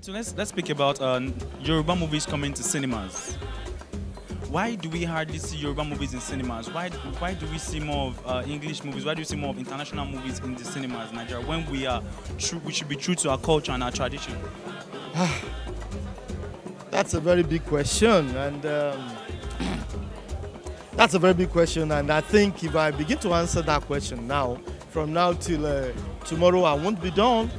so let's, let's speak about uh, Yoruba movies coming to cinemas. Why do we hardly see Yoruba movies in cinemas? Why, why do we see more of uh, English movies? Why do we see more of international movies in the cinemas in Nigeria when we are true, we should be true to our culture and our tradition? that's a very big question, and um, that's a very big question. And I think if I begin to answer that question now, from now till uh, tomorrow, I won't be done.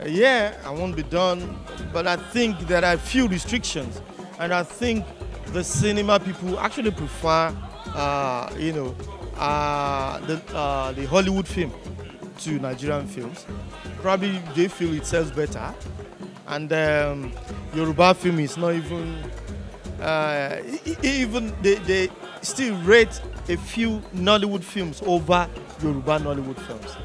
Uh, yeah, I won't be done, but I think there are few restrictions, and I think the cinema people actually prefer, uh, you know, uh, the, uh, the Hollywood film to Nigerian films. Probably they feel it sells better, and um, Yoruba film is not even, uh, even they, they still rate a few Nollywood films over Yoruba Nollywood films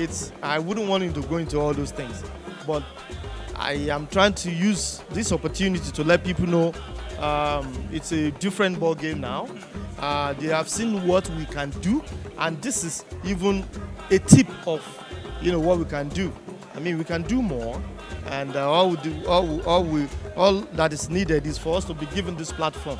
it's I wouldn't want him to go into all those things, but I am trying to use this opportunity to let people know um, it's a different ball game now. Uh, they have seen what we can do, and this is even a tip of you know what we can do. I mean, we can do more, and uh, all, we do, all, all, we, all that is needed is for us to be given this platform.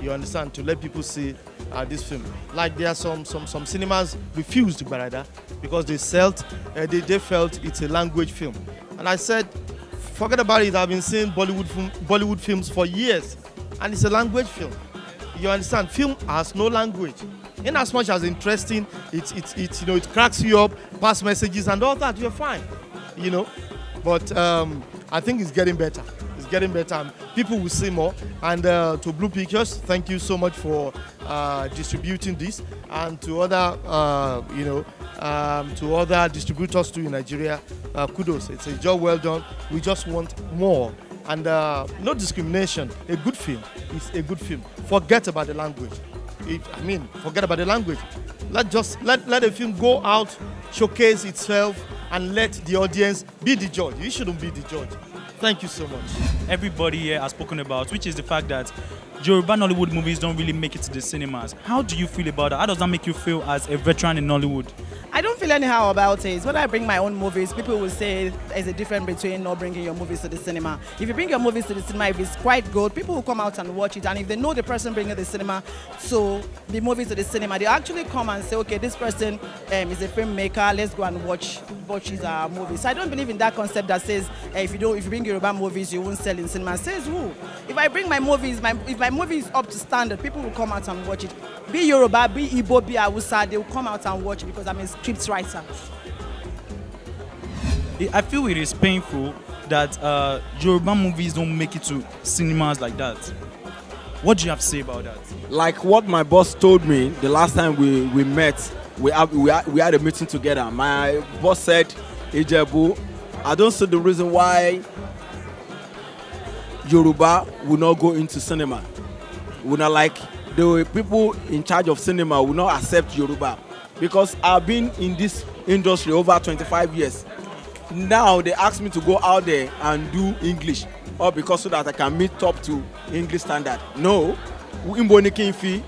You understand to let people see uh, this film. Like there are some some some cinemas refused that. because they felt uh, they, they felt it's a language film. And I said, forget about it. I've been seeing Bollywood Bollywood films for years, and it's a language film. You understand? Film has no language. In as much as interesting, it, it, it you know it cracks you up, pass messages and all that. You're fine, you know. But um, I think it's getting better. it's getting better. People will see more. And uh, to Blue Pictures, thank you so much for uh, distributing this, and to other, uh, you know, um, to other distributors too in Nigeria. Uh, kudos, it's a job well done. We just want more. And uh, no discrimination. A good film is a good film. Forget about the language. It, I mean, forget about the language. Let just let let the film go out, showcase itself, and let the audience be the judge. You shouldn't be the judge. Thank you so much. Everybody here has spoken about, which is the fact that Yoruba Nollywood movies don't really make it to the cinemas. How do you feel about that? How does that make you feel as a veteran in Nollywood? I don't feel anyhow about it. When I bring my own movies, people will say there's a difference between not bringing your movies to the cinema. If you bring your movies to the cinema, if it's quite good, people will come out and watch it. And if they know the person bringing the cinema so the movies to the cinema, they actually come and say, okay, this person um, is a filmmaker. Let's go and watch watch his uh, movies. So I don't believe in that concept that says uh, if you don't if you bring Yoruba movies, you won't sell in cinema. Says who? If I bring my movies, my if my my movie is up to standard, people will come out and watch it. Be Yoruba, be Igbo, be Awusa, they will come out and watch it because I'm a script writer. I feel it is painful that uh, Yoruba movies don't make it to cinemas like that. What do you have to say about that? Like what my boss told me the last time we, we met, we, have, we, had, we had a meeting together. My boss said, Ijebu, I don't see the reason why Yoruba will not go into cinema will not like the people in charge of cinema will not accept Yoruba because I've been in this industry over 25 years. Now they ask me to go out there and do English or because so that I can meet up to English standard. No, Imbo ni kí n fi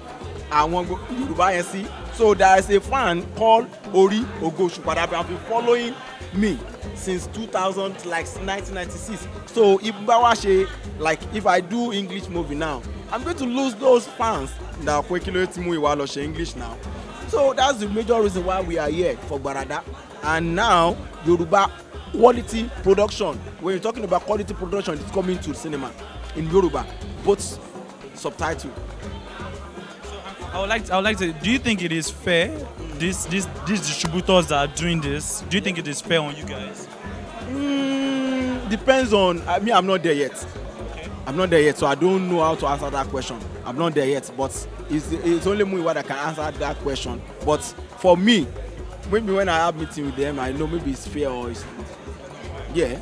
àwọn Yoruba yẹn So there is a fan called Ori Ogosupa that have been following me since 2000 like 1996. So if bá wá ṣe like if I do English movie now I'm going to lose those fans that pé kí ló ti mú ìwà lọ ṣe English now. So that's the major reason why we are here for Gbarada. And now Yoruba quality production. When you're talking about quality production, it's coming to cinema in Yoruba, both subtitle. I would like to, I would like to do you think it is fair This, this, these distributors that are doing this do you think it is fair on you guys? Mm, depends on I mean I'm not there yet I'm not there yet, so I don't know how to answer that question. I'm not there yet, but it's, it's only Muiwa that can answer that question. But for me, maybe when I have meeting with them, I know maybe it's fair or it's, yeah.